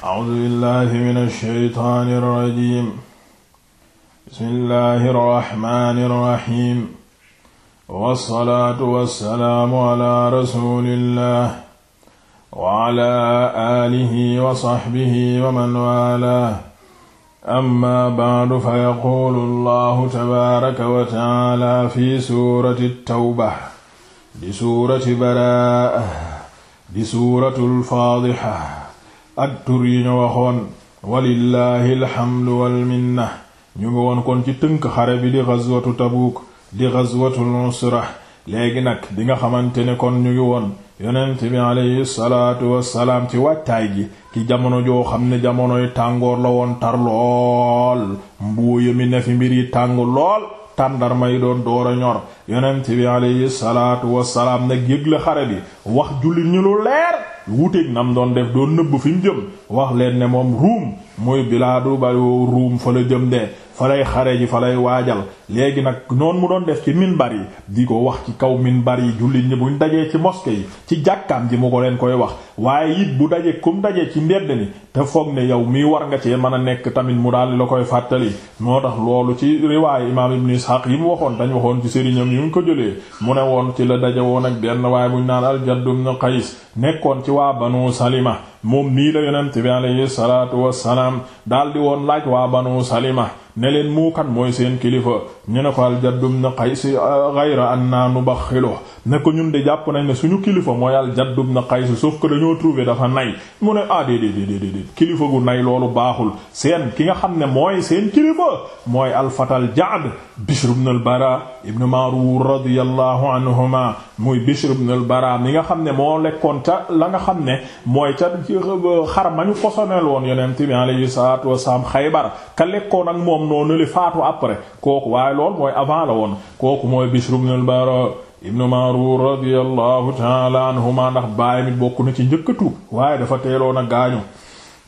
A'uuzu billaahi mina shaytaani rajiim. Bismillaahi rahmaani rahiim. Wassalaatu wassalaamu alaa rasuulillaah wa alaa aalihi wa sahbihi wa man waalaah. Ammaa ba'du fa yaquulu Allaahu tabaaraka wa ta'aalaa fi suurati tawba di suurati baraa'a di suuratul faadiha ak tur yi ñu waxoon walillahi alhamdu walminna ñu ngi woon kon ci tënk xare bi di ghazwatu Tabuk di ghazwatul Nusra léegi nag bi nga xamante ne kon ñu ngi woon yonent bi alayhi salaatu wassalaam ci wàccaay gi ci jamono joo xam ne jamonoy tàngoor la woon tar lool mbooya mi ne fi mbir yi tàng lool tàndarma yi doon door a ñor yonent bi alayhi salaatu wassalaam nag yëgle xare bi wax jullit ñu lu leer wuuteeg nam doon def doon nëbb fi mu jëm wax leen ne moom ruum muy bilaadu bayo ruum fa la jëm de fa lay xare ji fa lay waajal léegi nag noonu mu doon def ci minbar yi di ko wax ci kaw minbar yi jullit ñi buñ dajee ci mosquée yi ci jàkkaam ji mu ko leen koy wax waaye it bu dajee kum dajee ci mbedd ni te foog ne yow mii war nga cee mën a nekk tamit mu daal la koy fàttali moo tax loolu ci riwaayu imaam ibn Ishaq yi mu waxoon dañ waxoon ci sëriñam yi mu ko jëlee mu ne woon ci la daje woon ak benn waaye buñ naan al-Jadd ibn Qays nekkoon ci waa Banu Salima moom nii la yonent bi alayhi salaatu wassalaam daal di woon laaj waa Banu Salima ne leen muukan mooy seen kilifa ñu ne ko aljaddu ibn qays euh, ghayra anna nubakhilu ne ko ñun de jàpp nañ ne suñu kilifa mooy aljaddu ibn qays sauf que dañoo trouvé dafa nay mu ne ah déedéet déedéet kilifa gu nay loolu baaxul seen ki nga xam ne mooy seen kilifa mooy alfatal jaad bishr ibn al-bara ibn marur radiyallahu anhuma muy bishr ibn al-bara mi nga xam ne moo lekkoon ca la nga xam ne mooy ca xar ma ñu posonel woon yonent bi alayhi salatu wassalam ka lekkoon ak noonu li faatu après kooku waaye lool mooy avant la woon kooku mooy Bishr ibn al ibnu Marur radiyallahu taala anhuma ndax baay mi bokk na ci njëkkatu waaye dafa teeloon a gaañu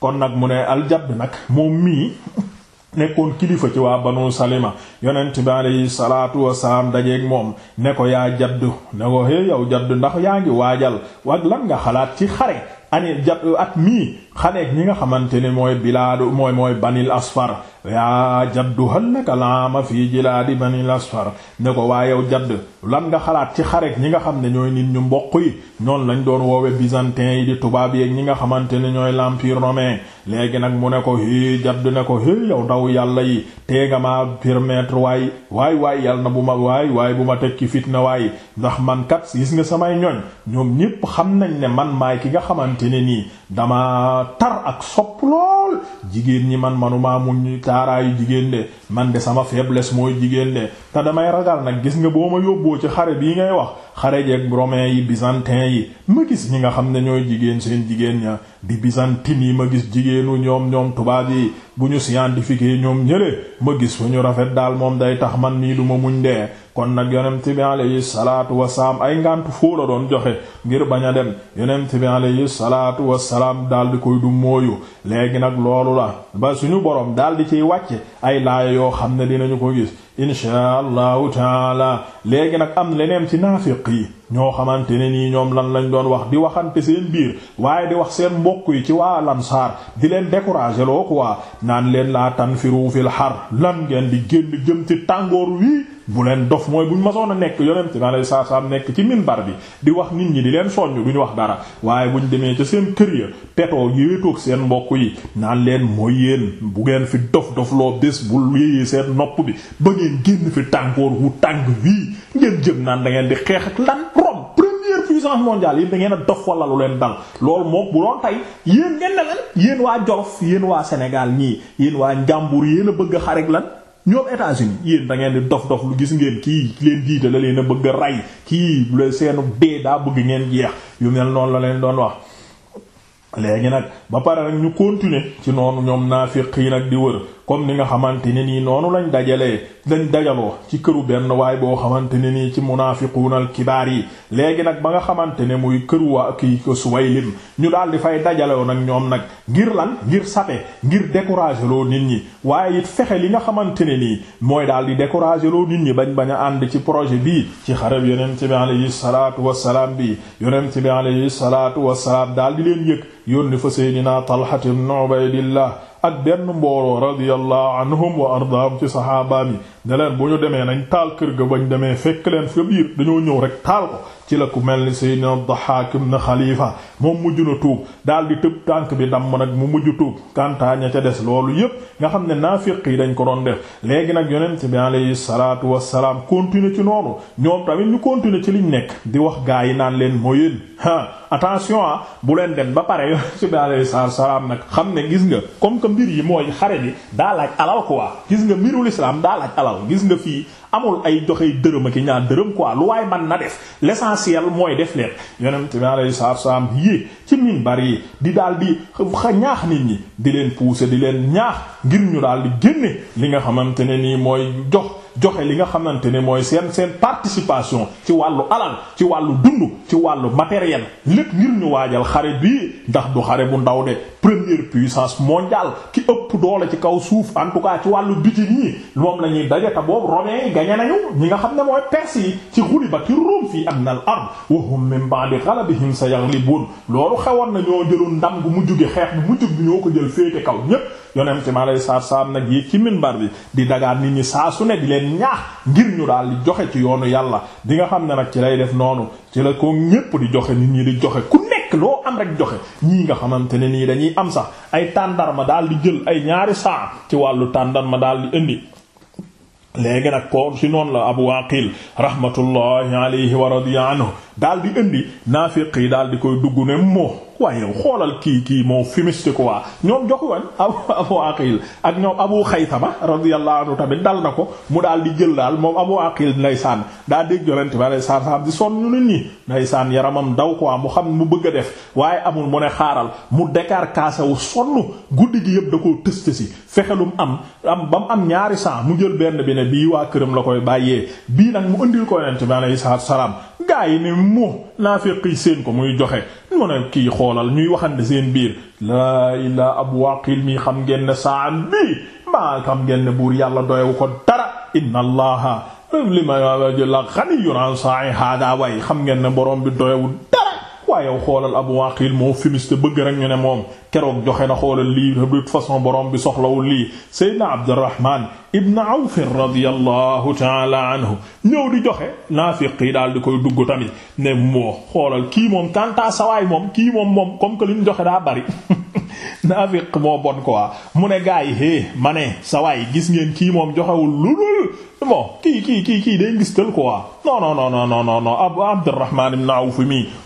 kon nag mu ne aljadd nag moom mii nekkoon kilifa ci waa banu salima yonent bi alayhi salaatu wasalaam dajeeg moom ne ko yaa jadd ne ko hé yow jadd ndax yaa ngi waajal wak lan nga xalaat ci xare ani jadd at mii xaneek ñi nga xamante ne mooy bilaadu mooy mooy banil asfar yaa jaddu hallaka laama fii jilaadi banil asfar ne ko waa yow jadd lan nga xalaat ci xareek ñi nga xam ne ñooy nit ñu mboq yi ñoon lañ doon woowe byzantin yi di tubaab yeeg ñi nga xamante ne ñooy l'empire romain léegi nag mu ne ko hé jadd ne ko hé yow daw yàlla yi tee nga ma permettre waay waaye waaye yàlla na bu ma waaye waaye bu ma tekki fitna waaye ndax man kat gis nga samay ñoñ ñoom ñépp xam nañ ne man maay ki nga xamante ne nii dama tar ak sopp lool xool jigéen ñi man manuma muñ taaraayu jigéen de man de sama faiblesse mooy jigéen de te damay ragal nag gis nga boo ma yóbboo ci xare bii ngay wax xare jeeg romain yi byzantin yi ma gis ñi nga xam ne ñooy jigéen seen jigéen ña di byzantine yi ma gis jigéenu ñoom ñoom tubaab yi bu ñu scientifique yi ñoom ñële ma gis fu ñu rafet daal moom day tax man nii du ma muñ de kon nag yonent bi alayhi salaatu wa wasalaam ay ngànt foo la doon joxe ngir bañ a dem yonent bi alayhi salaatu wasalaam daal di koy du loolu la ba suñu borom daal di ciy wàcce ay laaya yoo xam ne ñu ko gis inshaa allahu taala léegi nag am leneen ci naafiq yi ñoo xamante ne nii ñoom lan lañu doon wax di waxante seen biir waaye di wax seen mbokk yi ci waa lamsaar di leen décourager loo waa naan leen laa tanfiru fil har lan ngeen di génn jëm ci tàngoor wii bu leen dof mooy buñ masoon a nekk yonent bi alayhi salaam nekk ci minbar bi di wax nit ñi di leen soññ duñu wax dara waaye buñ demee ca seen kër ya petoo yéetoog seen mbokk yi naan leen mooy yéen bu ngeen fi dof dof loo bés bu seen nopp bi leen génn fi tàngoor wu tàng wii ngeen jëm naan da di xeex ak lan Rome première puissance mondiale yéen da ngeen a leen dal loolu moom bu doon tey yéen ngeen waa Jolof yéen waa Sénégal ñii yéen waa Njàmbur yéen a bëgg a lan ñoom États-Unis yéen di dof dof lu gis ngeen kii leen jiite la leen a bëgg a rey kii bu leen seenu dee daa bëgg ngeen jeex yu mel noonu la leen doon wax léegi nag ba pare nag ñu continuer ci noonu ñoom naafiq yi nag di wër kon ni nga xamante ne nii noonu lañ dajalee lañ dajaloo ci këru benn waay boo xamante ne nii ci munaafiquunal kibaar yi léegi nag ba nga xamante ne muy këru waa kii ko Suwaylim ñu daal di fay dajaloo nag ñoom nag ngir lan ngir sape ngir décourager loo nit ñi waaye it fexe li nga xamante ne nii mooy daal di décourager loo nit ñi bañ bañ ànd ci projet bii ci xarab yonent bi alayhi salaatu wassalaam bi yonent bi alayhi salaatu wassalaam daal di leen yëg yónni fa Seydina Talha ibn Ubaydillah ak benn mbooloo radiyallahu anhum wa ardaahum ci saxaabaam yi ne leen bu ñu demee nañ taal kër ga ñu demee fekk leen fa biir dañoo ñëw rek taal ko ci la ku mel ni Seydina Dahhaak ibn Xalifa moom mujj na tuub daal di tëb tànk bi damm nag mu mujj tuub kantaa ña ca des loolu yépp nga xam ne naafiq yi dañ ko doon def léegi nag yonent bi alayhi salaatu salaam continuer ci noonu ñoom tamit ñu continuer ci liñ nekk di wax gaa yi naan leen moo yéen attention ah, bu leen dem ba pare yonent bi alayhi salaatu wassalaam nag xam ne gis nga comme que mbir yi mooy xare bi daa laaj alal gis nga mbirul waaw gis nga fii amul ay joxe dërëm ak ñaar dërëm quoi lu waaye man na def l'essentiel mooy def leen yonent bi alayhi salaatu salaam yi ci minbar yi di daal di xa ñaax nit ñi di leen pousser di leen ñaax ngir ñu daal di génne li nga xamante ne nii mooy jox joxe li nga xamante ne mooy seen seen participation ci wàllu alal ci wàllu dund ci wàllu matériel lépp ngir ñu waajal xare bii ndax du xare bu ndaw de première puissance mondiale ki ëpp doole ci kaw suuf en tout cas ci wàllu bitim yi moom la ñuy daje te boobu romains yi gañe nañu ñi nga xam ne mooy perse yi ci ghulibati rum fii am adnal ard wa hum min sa ghalabihim sayaghlibuun loolu xewoon na ñoo jëloon ndam bu mu juge xeex bu mu jug bi ñoo ko jël féete kaw ñépp yonent ma lay saar saar nag ci minbar bi leen ñaax ngir ñu daal di joxe ci yoonu yàlla di nga xam ne nag ci lay def noonu ci la ko ñépp di joxe nit ñi di joxe ku nekk loo am rek joxe ñii nga xamante ne nii dañuy am sax ay tàndarma daal di jël ay ñaari saa ci wàllu tàndarma daal di indi léegi nag ko ci noonu la Abu Aqil rahmatullahi alayhi wa radiya anhu daal di indi naafiq yi daal di koy dugg ne moo waaye xoolal kii kii moo fumiste ko waa ñoom jox woon abu abu aqil ak ñoom abu xaytama radiyallahu anhu tamit dal na ko mu daal di jël daal moom abu aqil ndeysaan daa dégg yonent bi alayhi salaatu salaam di sonn ñu nit ñi ndeysaan yaramam daw ko mu xam mu bëgg a def waaye amul mu ne xaaral mu dékar kaasawu sonn guddi gi yëpp da koo tëst si fexelum am am ba am ñaari saa mu jël benn bi ne bii waa këram la ko yonent bi alayhi ñu moo naafeq yi ko muy joxe mu ne kii xoolal ñuy waxande seen biir laa ilaa abu waqil mi xam ngeen ne saan bii maa xam ngeen buur yàlla doyewu ko dara inna allaha li ma la xaniyyun an sa'i hada way xam ngeen ne borom bi doyewu waaye yow xoolal Abu Aqil moo fumiste bëgg rek ñu ne moom keroog joxe na xoolal lii de toute façon boroom bi soxlawul lii Seydina Abdurrahman ibn Awf radiyallahu ta'ala anhu ñëw di joxe naafiq yi daal di koy dugg tamit ne moo xoolal kii moom kanta sawaay moom kii moom moom comme que li mu joxe daa bari naafiq moo bon quoi mu ne gars yi ma ne sa waay gis ngeen kii moom joxewul lulul bon kii kii kii kii day ngis tël quoi no no non non non non non abu abdurrahman ibn awf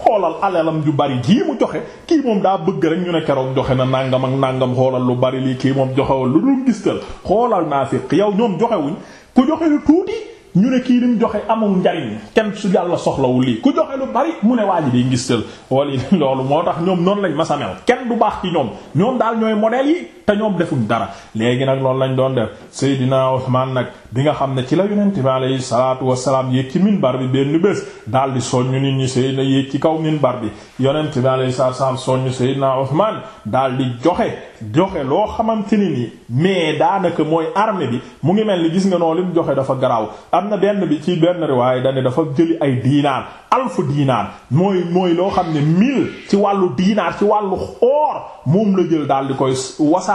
xoolal alalam ju bari jii mu joxe kii moom daa bëgg rek ñu ne keroog joxe na nangam ak nangam xoolal lu bari lii kii moom joxewul lulul ngis tël xoolal naafiq yow ñoom joxewuñ ku joxe lu tuuti ñu ne kii lim joxe amul njariñ kenn su yàlla soxlawul lii ku joxe lu bari mu ne waaj bi day ngis tël wala loolu moo tax ñoom noonu lañ ma sa mel kenn du baax ci ñoom ñoom daal ñooy modèle yi te ñoom deful dara léegi nag loolu lañ doon def Seydina Usmaan nag bi nga xam ne ci la yonent bi alayhi salaatu wasalaam yéeg ci minbar bi benn bés daal di soññu nit ñi Seydina yéeg ci kaw minbar bi yonent bi alayhi salaatu wasalaam soññu Seydina Usmaan daal di joxe joxe loo xamante ni nii mais daanaka mooy armée bi mu ngi mel ni gis nga noonu lim joxe dafa garaaw am na benn bi ci benn riwaay dañ ne dafa jëli ay diinaar alfu diinaar mooy mooy loo xam ne mille ci wàllu diinaar ci wàllu or moom la jël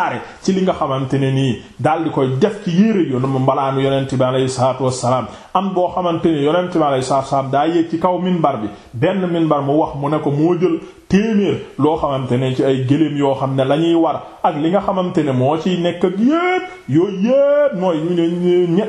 tasaare ci li nga xamante ne nii daal di koy def ci yére yoonu mbalaanu yonent bi alayhi salaatu wassalaam am boo xamante ne yonent bi alayhi salaatu wassalaam daa yéeg ci kaw minbar bi benn minbar mu wax mu ne ko moo jël téeméer loo xamante ne ci ay gëléem yoo xam ne lañuy war ak li nga xamante ne moo ciy nekk ak yépp yooyu yépp nooy ñu ne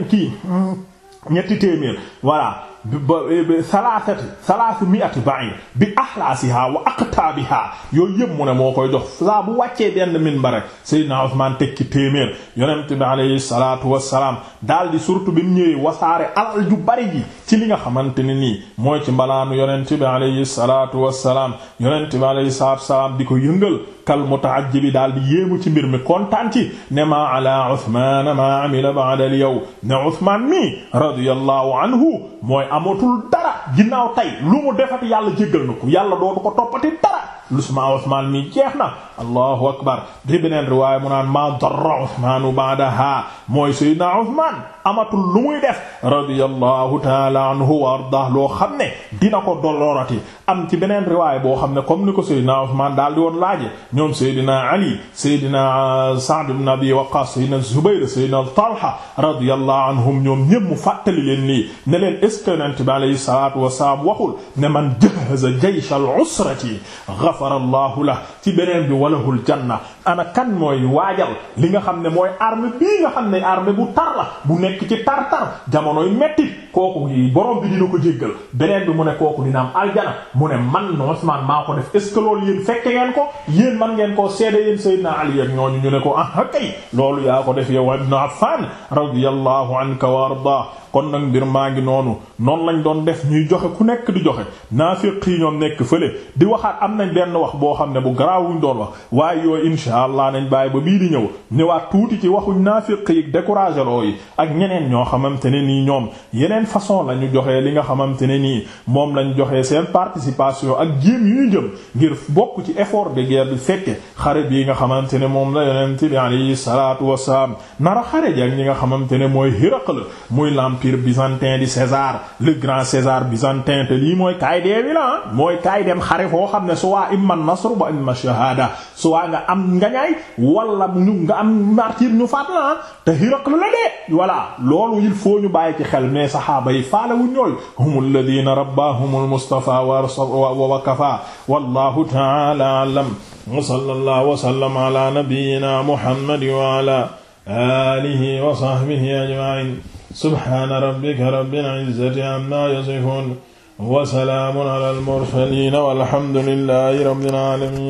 ñetti téeméer voilà Eh, salaasati salaasu mi'ati ba'ir bi axlaasiha wa aqtaabiha yooyu yëpp mu ne moo koy jox saa bu wàccee benn minbar rek Seydina Usmaan tekki téeméer yonent bi alayhi salaatu wassalaam daal di surtout bi mu ñëwee wasaare alal ju bari ji ci li nga xamante ne ni mooy ci mbalaanu yo bi alayhi salaatu wassalaam yonent bi alayhi salaatu di ko yëngal kal mutaajjibi daal di yéemu ci mbir mi kontaan ci ne ma ala Usmaan ma amila ba'da al-yawm ne Usmaan mi radiyallahu anhu mooy amatul dara ginnaaw tey lu mu defati yàlla jéggal na ko yàlla dootu ko toppati dara lusma Usmaan mi jeex na allahu akbar di beneen riwaaya mu naan maa darra Usmaanu baadaha mooy sayyidina Usmaan amatul lu muy def radiyallahu taala anhu wa ardah loo xam ne dina ko dolorati am ci beneen riwaaya boo xam ne comme ni ko sayyidina Usmaan daal di woon laaje ñoom sayyidina Ali sayyidina Sa'd ibn Abi Waqqas sayyidina Zubayr sayyidina Talha radiyallahu anhum ñoom ñépp mu fàttali leen lii ne leen est-ce que Yonent bi alayhi salaatu wa salaam waxul ne man jahaza jaysh al-usrati ghafara allahu la ci beneen bi walahul janna ana kan mooy waajal li nga xam ne mooy arme bii nga xam ne arme bu tar la bu nekk ci tar-tar jamonoy metti kooku yi borom bi dina ko jéggal beneen bi mu ne kooku dina am aljana mu ne man Usmaan maa ko def est ce que loolu yéen fekke ngeen ko yéen man ngeen koo seede yéen Seydina Ali ak ko ah, loolu yaa ko def yow ibn Affan radiyallahu anka wa arda kon nag mbir maa ngi noonu noonu lañ doon def ñuy joxe ku nekk di joxe naafiq yi ñoom nekk fële di waxaat am nañ benn wax boo xam ne bu garaawuñ doon wax waaye yooyu insha insha allah nañ bàyyi ba bii di ñëw ñëwaat tuuti ci waxuñ naafiq yi découragé loo yi ak ñeneen ñoo xamante ne nii ñoom yeneen façon la ñu joxee li nga xamante ne nii moom lañ joxee seen participation ak jéem yu ñu jëm ngir bokk ci effort de guerre bi fekke xare bi nga xamante ne moom la yonent bi alayhi salaatu wasalaam nara xare ji ak ñi nga xamante ne mooy Héracle mooy l'empire byzantin di César le grand César byzantin te lii mooy kaay deewi la mooy kaay dem xare foo xam ne suwaa imma nasru ba imma shahada ngañaay wala ñu nga am martyr ñu faat la te Hiraql la dee voilà loolu il faut ñu bàyyi ci xel mais saxaaba yi faale wu ñooy hum alladina rabbahum almustafa wa kafa wallahu ta'ala a'lam wa sallallahu wa sallama ala nabiyyina muhammad wa ala alihi wa sahbihi ajma'in subhana rabbika rabbil izzati amma yasifun wa salaamun ala al-mursaliin walhamdulillahi rabbil aalamiin